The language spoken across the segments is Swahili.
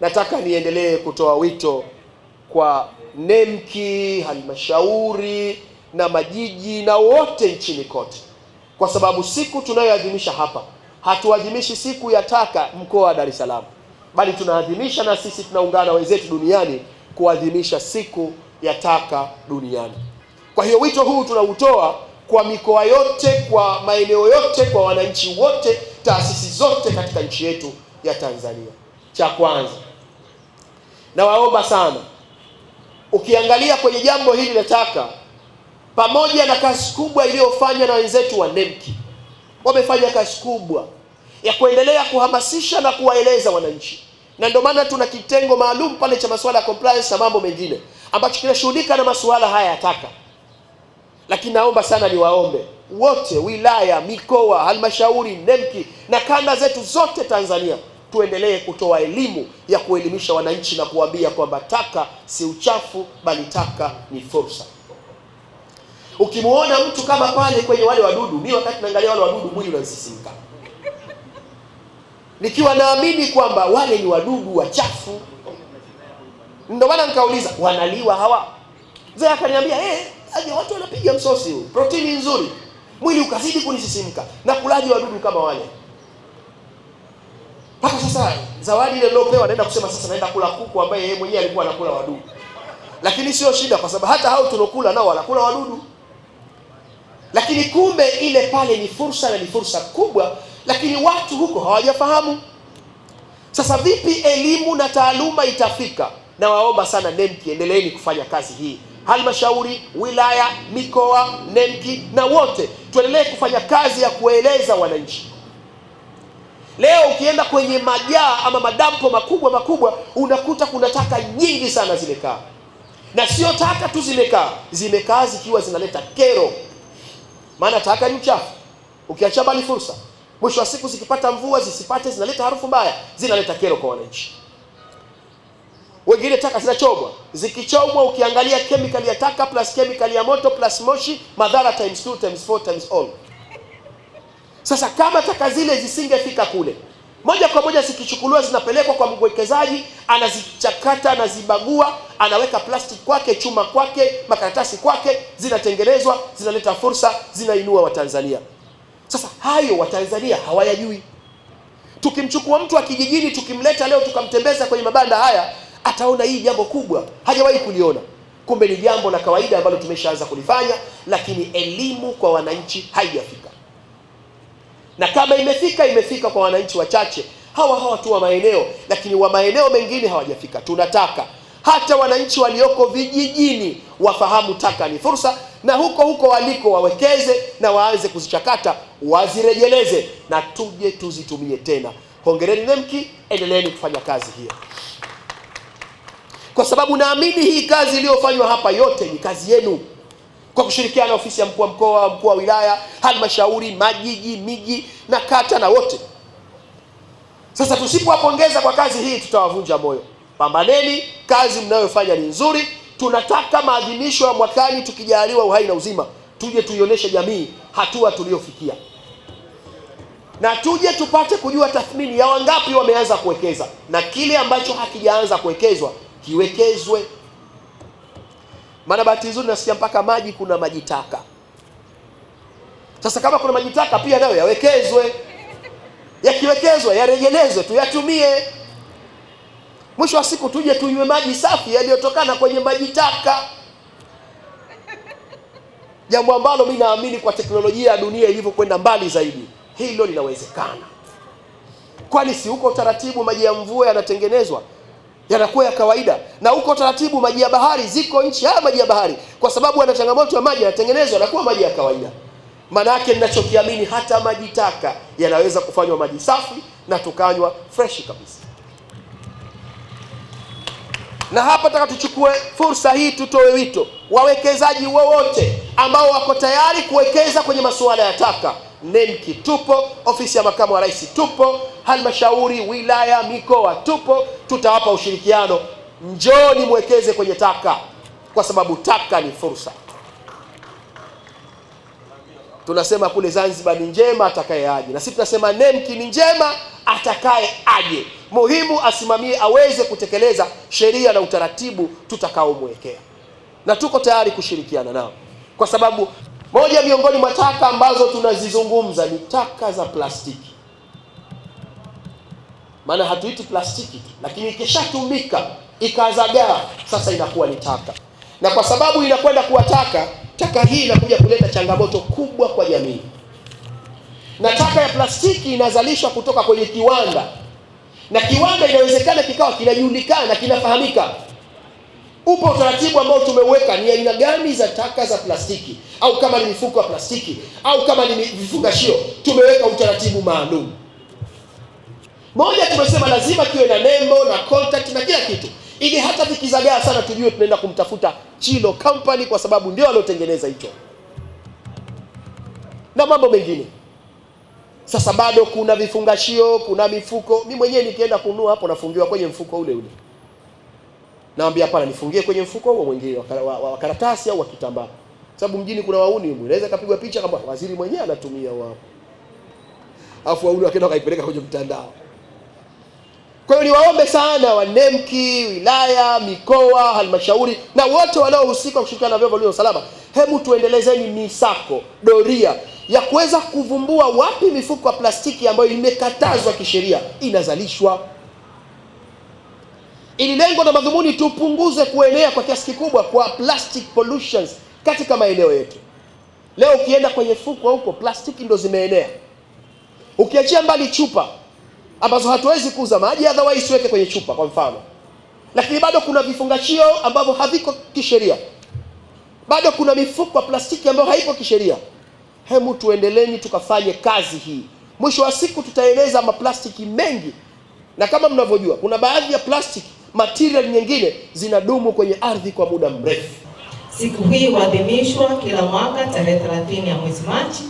nataka niendelee kutoa wito kwa NEMKI, halmashauri na majiji na wote nchini kote, kwa sababu siku tunayoadhimisha hapa hatuadhimishi siku ya taka mkoa wa Dar es Salaam, bali tunaadhimisha na sisi tunaungana wenzetu duniani kuadhimisha siku ya taka duniani. Kwa hiyo wito huu tunautoa kwa mikoa yote, kwa maeneo yote, kwa wananchi wote, taasisi zote katika nchi yetu ya Tanzania. Cha kwanza Nawaomba sana, ukiangalia kwenye jambo hili la taka, pamoja na kazi kubwa iliyofanywa na wenzetu wa NEMKI, wamefanya kazi kubwa ya kuendelea kuhamasisha na kuwaeleza wananchi, na ndio maana tuna kitengo maalum pale cha masuala ya compliance na mambo mengine ambacho kinashughulika na masuala haya ya taka. Lakini naomba sana niwaombe wote, wilaya, mikoa, halmashauri, NEMKI na kanda zetu zote Tanzania tuendelee kutoa elimu ya kuelimisha wananchi na kuwaambia kwamba taka si uchafu, bali taka ni fursa. Ukimwona mtu kama pale kwenye wale wadudu, mimi wakati naangalia wale wadudu mwili unasisimka, nikiwa naamini kwamba wale ni wadudu wachafu. Ndio maana nikauliza wanaliwa hawa? Mzee akaniambia eh, aje watu wanapiga msosi huu, protini nzuri. Mwili ukazidi kunisisimka na kulaji wadudu kama wale mpaka sasa zawadi ile niliopewa naenda kusema sasa naenda kula kuku ambaye yeye mwenyewe alikuwa anakula wadudu. Lakini sio shida kwa sababu hata hao tunokula nao wanakula wadudu. Lakini kumbe ile pale ni fursa na ni fursa kubwa, lakini watu huko hawajafahamu. Sasa vipi elimu na taaluma itafika? Na waomba sana Nemki, endeleeni kufanya kazi hii, halmashauri, wilaya, mikoa, nemki na wote tuendelee kufanya kazi ya kueleza wananchi. Leo ukienda kwenye majaa ama madampo makubwa makubwa unakuta kuna taka nyingi sana zimekaa, na sio taka tu zimekaa, zimekaa zikiwa zinaleta kero, maana taka ni uchafu. Ukiacha bali fursa, mwisho wa siku zikipata mvua zisipate, zinaleta harufu mbaya, zinaleta kero kwa wananchi wengine. Taka zinachomwa, zikichomwa, ukiangalia kemikali ya taka plus kemikali ya moto plus moshi, madhara times 2 times 4 times all. Sasa kama taka zile zisingefika kule moja kwa moja, zikichukuliwa zinapelekwa kwa mwekezaji, anazichakata, anazibagua, anaweka plastiki kwake, chuma kwake, makaratasi kwake, zinatengenezwa, zinaleta fursa, zinainua Watanzania. Sasa hayo Watanzania hawayajui. Tukimchukua mtu wa kijijini tukimleta leo tukamtembeza kwenye mabanda haya, ataona hii jambo kubwa, hajawahi kuliona. Kumbe ni jambo la kawaida ambalo tumeshaanza kulifanya, lakini elimu kwa wananchi haijafika na kama imefika imefika kwa wananchi wachache hawa hawa tu wa maeneo, lakini wa maeneo mengine hawajafika. Tunataka hata wananchi walioko vijijini wafahamu taka ni fursa, na huko huko waliko wawekeze na waanze kuzichakata, wazirejeleze na tuje tuzitumie tena. Hongereni NEMKI, endeleeni kufanya kazi hiyo, kwa sababu naamini hii kazi iliyofanywa hapa yote ni kazi yenu kwa kushirikiana na ofisi ya mkuu wa mkoa, mkuu wa wilaya, halmashauri, majiji, miji na kata na wote. Sasa tusipowapongeza kwa kazi hii tutawavunja moyo. Pambaneni, kazi mnayofanya ni nzuri. Tunataka maadhimisho ya mwakani, tukijaliwa uhai na uzima, tuje tuionyeshe jamii hatua tuliyofikia, na tuje tupate kujua tathmini ya wangapi wameanza kuwekeza na kile ambacho hakijaanza kuwekezwa kiwekezwe. Maana bahati nzuri nasikia mpaka maji kuna maji taka. Sasa kama kuna maji taka pia nayo yawekezwe, yakiwekezwa yarejelezwe tuyatumie Mwisho wa siku tuje tunywe maji safi yaliyotokana kwenye maji taka, jambo ambalo mi naamini kwa teknolojia ya dunia ilivyokwenda mbali zaidi hilo linawezekana. Kwani si huko taratibu maji ya mvua yanatengenezwa? yanakuwa ya kawaida, na huko taratibu maji ya bahari, ziko nchi haya maji ya bahari, kwa sababu ana changamoto ya maji, yanatengenezwa yanakuwa maji ya kawaida. Maana yake ninachokiamini, hata maji taka yanaweza kufanywa maji safi na tukanywa fresh kabisa. Na hapa taka tuchukue fursa hii, tutoe wito wawekezaji wowote ambao wako tayari kuwekeza kwenye masuala ya taka. NEMC tupo, ofisi ya makamu wa rais tupo halmashauri, wilaya, mikoa, tupo, tutawapa ushirikiano. Njooni mwekeze kwenye taka, kwa sababu taka ni fursa. Tunasema kule Zanzibar ni njema atakaye aje, na sisi tunasema nemki ni njema atakaye aje. Muhimu asimamie, aweze kutekeleza sheria na utaratibu tutakaomwekea, na tuko tayari kushirikiana nao, kwa sababu moja miongoni mwa taka ambazo tunazizungumza ni taka za plastiki maana hatuiti plastiki, lakini ikishatumika ikazagaa, sasa inakuwa ni taka, na kwa sababu inakwenda kuwa taka, taka hii inakuja kuleta changamoto kubwa kwa jamii. Na taka ya plastiki inazalishwa kutoka kwenye kiwanda, na kiwanda inawezekana kikawa kinajulikana, kinafahamika. Upo utaratibu ambao tumeuweka ni aina gani za taka za plastiki, au kama ni mifuko ya plastiki, au kama ni vifungashio, tumeweka utaratibu maalum. Moja tumesema lazima kiwe na nembo na contact na kila kitu, ili hata vikizagaa sana tujue tunaenda kumtafuta Chilo Company kwa sababu ndio aliotengeneza hicho na mambo mengine. Sasa bado kuna vifungashio, kuna mifuko. Mimi mwenyewe nikienda kununua hapo nafungiwa kwenye mfuko ule ule, naambia hapana, nifungie kwenye mfuko huo mwingine wa karatasi au wa kitambaa, sababu mjini kuna wauni, inaweza kapigwa picha kama waziri mwenyewe anatumia wao, afu wauni wakaenda wakaipeleka kwenye mtandao. Kwa hiyo niwaombe sana wanemki, wilaya, mikoa, halmashauri na wote wanaohusika kushirikiana na vyombo vya usalama, hebu tuendelezeni misako, doria ya kuweza kuvumbua wapi mifuko ya plastiki ambayo imekatazwa kisheria inazalishwa, ili lengo na madhumuni tupunguze kuenea kwa kiasi kikubwa kwa plastic pollutions katika maeneo yetu. Leo ukienda kwenye fukwa huko plastiki ndo zimeenea, ukiachia mbali chupa ambazo hatuwezi kuuza maji, otherwise tuweke kwenye chupa kwa mfano, lakini bado kuna vifungashio ambavyo haviko kisheria, bado kuna mifuko ya plastiki ambayo haipo kisheria. Hemu, tuendeleni tukafanye kazi hii. Mwisho wa siku tutaeleza maplastiki mengi, na kama mnavyojua, kuna baadhi ya plastiki material nyingine zinadumu kwenye ardhi kwa muda mrefu. Siku hii huadhimishwa kila mwaka tarehe 30 ya mwezi Machi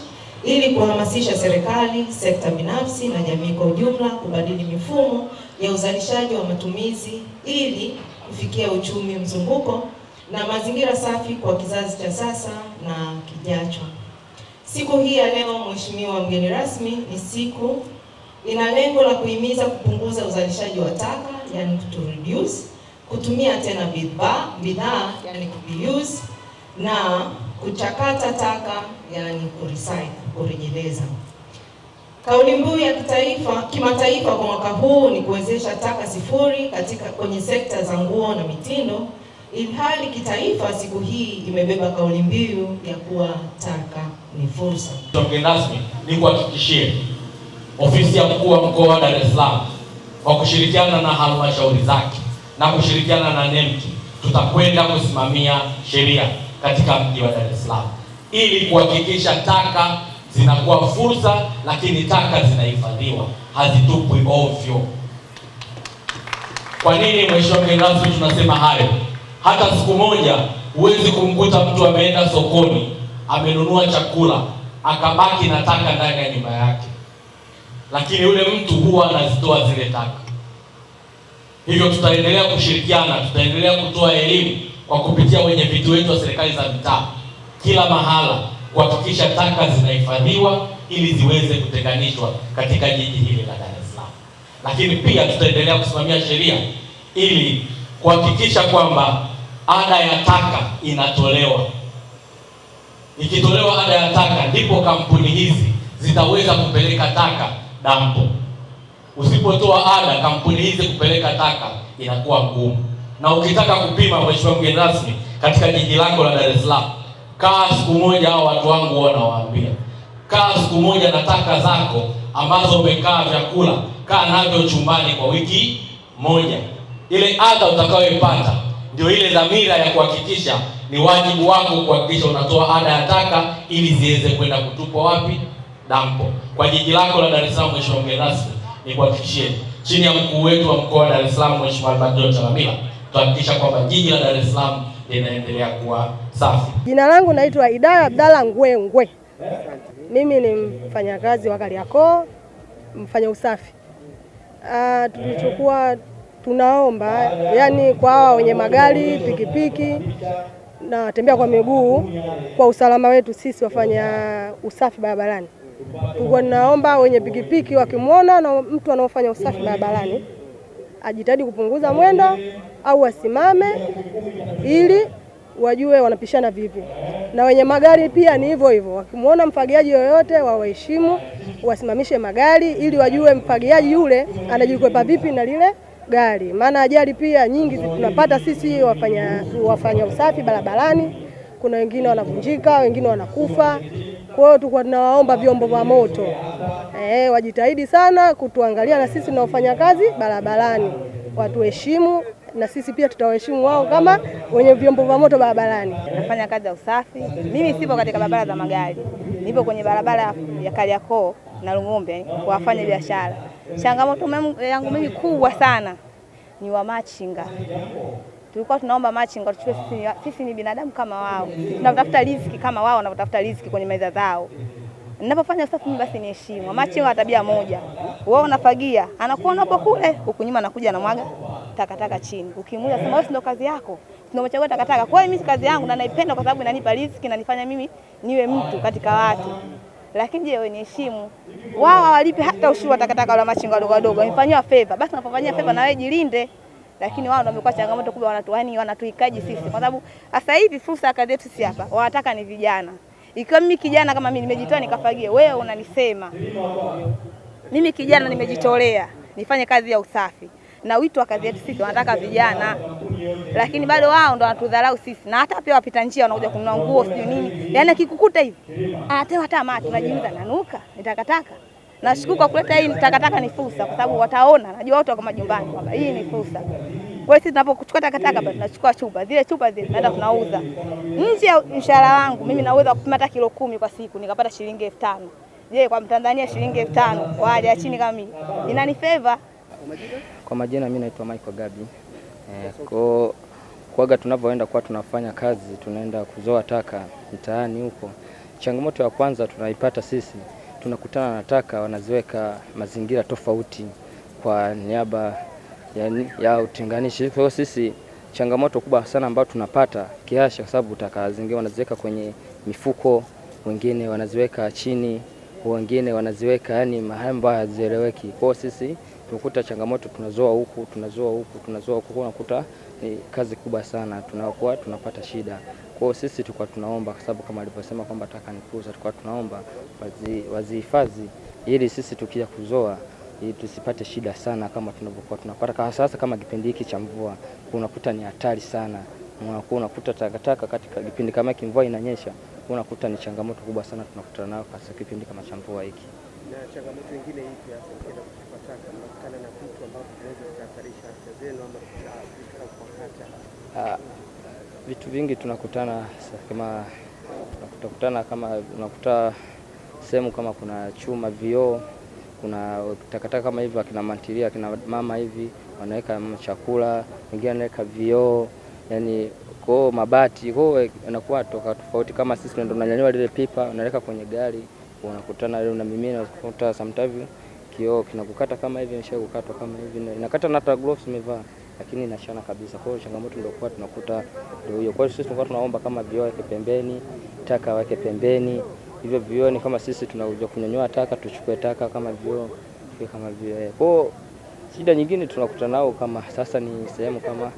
ili kuhamasisha serikali, sekta binafsi na jamii kwa ujumla kubadili mifumo ya uzalishaji wa matumizi ili kufikia uchumi mzunguko na mazingira safi kwa kizazi cha sasa na kijacho. Siku hii ya leo, Mheshimiwa mgeni rasmi, ni siku ina lengo la kuhimiza kupunguza uzalishaji wa taka, yani to reduce, kutumia tena bidhaa, yani reuse na kuchakata taka, yani kurecycle, kurejeleza. Kauli mbiu ya kitaifa kimataifa kwa mwaka huu ni kuwezesha taka sifuri katika kwenye sekta za nguo na mitindo, ilhali kitaifa siku hii imebeba kauli mbiu ya kuwa taka ni fursa. Mgeni rasmi, ni ofisi ya mkuu wa mkoa wa Dar es Salaam kwa kushirikiana na halmashauri zake na kushirikiana na NEMC tutakwenda kusimamia sheria katika mji wa Dar es Salaam ili kuhakikisha taka zinakuwa fursa, lakini taka zinahifadhiwa, hazitupwi ovyo. Kwa nini, mheshimiwa mgeni rasmi, tunasema hayo? Hata siku moja huwezi kumkuta mtu ameenda sokoni amenunua chakula akabaki na taka ndani ya nyumba yake, lakini yule mtu huwa anazitoa zile taka. Hivyo tutaendelea kushirikiana, tutaendelea kutoa elimu kwa kupitia wenye viti wetu wa serikali za mitaa kila mahala kuhakikisha taka zinahifadhiwa ili ziweze kutenganishwa katika jiji hili la Dar es Salaam. Lakini pia tutaendelea kusimamia sheria ili kuhakikisha kwamba ada ya taka inatolewa. Ikitolewa ada ya taka, ndipo kampuni hizi zitaweza kupeleka taka dampo. Usipotoa ada, kampuni hizi kupeleka taka inakuwa ngumu na ukitaka kupima, mheshimiwa mgeni rasmi, katika jiji lako la Dar es Salaam, kaa siku moja, hao watu wangu nawaambia, kaa siku moja na taka zako ambazo umekaa vyakula, kaa navyo chumbani kwa wiki moja. Ile adha utakayoipata ndio ile dhamira ya kuhakikisha ni wajibu wako kuhakikisha unatoa ada ya taka ili ziweze kwenda kutupwa wapi? Dampo. Kwa jiji lako la Dar es Salaam, mheshimiwa mgeni rasmi, nikuhakikishie chini ya mkuu wetu wa mkoa wa Dar es Salaam, mheshimiwa Albert John Chalamila kuhakikisha kwamba jiji la Dar es Salaam linaendelea kuwa safi. Jina langu naitwa Idaya Abdalla Ngwengwe, mimi ni mfanyakazi wa Kariakoo, mfanya usafi. Uh, tulichokuwa tunaomba yani kwa hawa wenye magari, pikipiki na watembea kwa miguu, kwa usalama wetu sisi wafanya usafi barabarani, tulikuwa naomba wenye pikipiki wakimwona na mtu anaofanya usafi barabarani ajitahidi kupunguza mwendo au wasimame ili wajue wanapishana vipi, na wenye magari pia ni hivyo hivyo. Wakimwona mfagiaji yoyote wawaheshimu, wasimamishe magari ili wajue mfagiaji yule anajikwepa vipi na lile gari, maana ajali pia nyingi tunapata sisi wafanya, wafanya usafi barabarani. Kuna wengine wanavunjika, wengine wanakufa. Kwa hiyo tulikuwa tunawaomba vyombo vya moto eh, wajitahidi sana kutuangalia na sisi tunaofanya kazi barabarani, watuheshimu na sisi pia tutawaheshimu wao kama wenye vyombo vya moto barabarani. Nafanya kazi ya usafi. Mimi sipo katika barabara za magari, nipo kwenye barabara ya Kariakoo na Lung'ombe kuwafanya biashara. Changamoto yangu mimi kubwa sana ni wa machinga Tulikuwa tunaomba machinga tuchukue, sisi, sisi ni binadamu kama wao, tunatafuta riziki kama wao wanavyotafuta riziki kwenye meza zao. Ninapofanya usafi mimi basi niheshimu. Machi wa tabia moja. Wewe unafagia, anakuwa unapo kule, huku nyuma anakuja na mwaga takataka chini. Ukimuuliza sema wewe ndio kazi yako. Tunamchagua takataka. Kwa hiyo mimi kazi yangu na naipenda kwa sababu inanipa riziki na nifanya mimi niwe mtu katika watu. Lakini je, wewe niheshimu. Wao hawalipi hata ushuru wa takataka wala machinga wadogo wadogo. Wamefanywa favor. Basi unapofanyia favor na wewe jilinde. Lakini wao ndio wamekuwa changamoto kubwa wanatuani wanatuikaji sisi kwa sababu sasa hivi fursa ya kazi yetu si hapa. Wanataka ni vijana. Ikiwa mimi kijana kama mimi nimejitoa nikafagia, wewe unanisema mimi kijana nimejitolea nifanye kazi ya usafi, na wito wa kazi yetu sisi wanataka vijana, lakini bado wao ndo wanatudharau sisi, na hata pia wapita njia wanakuja kununua nguo sio nini, yaani akikukuta hivi anatewa ah, hata macho, nanuka nitakataka. Nashukuru kwa kuleta hii takataka, ni fursa, kwa sababu wataona, najua watu wako majumbani kwamba hii ni fursa. Kwa hiyo sisi tunapokuchukua takataka basi tunachukua chupa. Zile chupa zile naenda tunauza. Nje ya mshahara wangu mimi naweza kupima hata kilo kumi kwa siku nikapata shilingi elfu tano. Je, kwa Mtanzania shilingi elfu tano kwa hali ya chini kama mimi inani favor? Kwa majina mimi naitwa Michael Gabi. Eh, kwa kwaga tunavyoenda kwa tunafanya kazi tunaenda kuzoa taka mtaani huko. Changamoto ya kwanza tunaipata sisi, tunakutana na taka wanaziweka mazingira tofauti kwa niaba yani, ya utenganishi. Kwa hiyo sisi changamoto kubwa sana ambayo tunapata kiasha, kwa sababu taka zingine wanaziweka kwenye mifuko, wengine wanaziweka chini, wengine wanaziweka yani mahali ambayo hazieleweki. Kwa hiyo sisi tunakuta changamoto, tunazoa huku, tunazoa huku, tunazoa huku, unakuta ni eh, kazi kubwa sana tunayokuwa tunapata shida. Kwa hiyo sisi tulikuwa tunaomba, kwa sababu kama alivyosema kwamba taka ni kuuza, tulikuwa tunaomba wazihifadhi ili sisi tukija kuzoa ili tusipate shida sana kama tunavyokuwa tunapata kwa sasa. Kama kipindi hiki cha mvua unakuta ni hatari sana, unakuwa unakuta takataka katika kipindi kama hiki, mvua inanyesha, unakuta ni changamoto kubwa sana tunakutana nayo katika kipindi kama cha mvua hiki. Na changamoto nyingine ipi hasa ukienda kutupa taka, unakutana na vitu ambavyo vinaweza kuhatarisha afya zenu ama vitu kama kuwakata? Ah, vitu vingi tunakutana kama tunakutana kama unakuta sehemu kama kuna chuma, vioo kuna takataka kama hivi, akina mantilia, akina mama hivi wanaweka chakula, wengine wanaweka vioo, yani kwao mabati kwao inakuwa toka tofauti. Kama sisi ndio tunanyanyua lile pipa, unaweka kwenye gari, unakutana leo na mimi na kukuta sometimes kioo kinakukata kama hivi, kukatwa kama hivi, inakata na hata gloves nimevaa lakini inashana kabisa. Kwa hiyo changamoto ndio kwa tunakuta ndio hiyo. Kwa hiyo sisi tunakuwa tunaomba kama vioo yake pembeni, taka yake pembeni hivyo vioni kama sisi tunakuja kunyanyua taka tuchukue taka kama vio kama vio Kwa Shida nyingine tunakuta nao kama sasa ni sehemu kama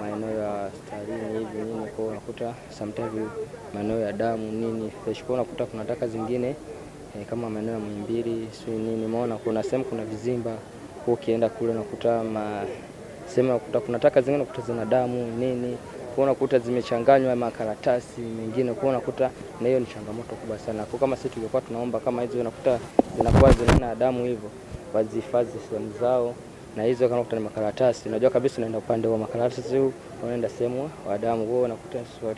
maeneo ya starini hivi nini, kwa unakuta sometimes maeneo ya damu nini fresh, kwa unakuta kuna taka zingine eh, kama maeneo ya mwimbili sio nini, maona kuna sehemu kuna vizimba kwa ukienda kule unakuta ma sehemu unakuta kuna taka zingine unakuta zina damu nini kuona kuta zimechanganywa makaratasi mengine, kuona kuta, na hiyo ni changamoto kubwa sana kwa kama sisi tulikuwa tunaomba kama hizo nakuta zinakuwa zinaenda damu hivyo, wazihifadhi sehemu zao, na hizo kama kuta ni makaratasi, unajua kabisa unaenda upande wa makaratasi, unaenda sehemu wa damu, unakuta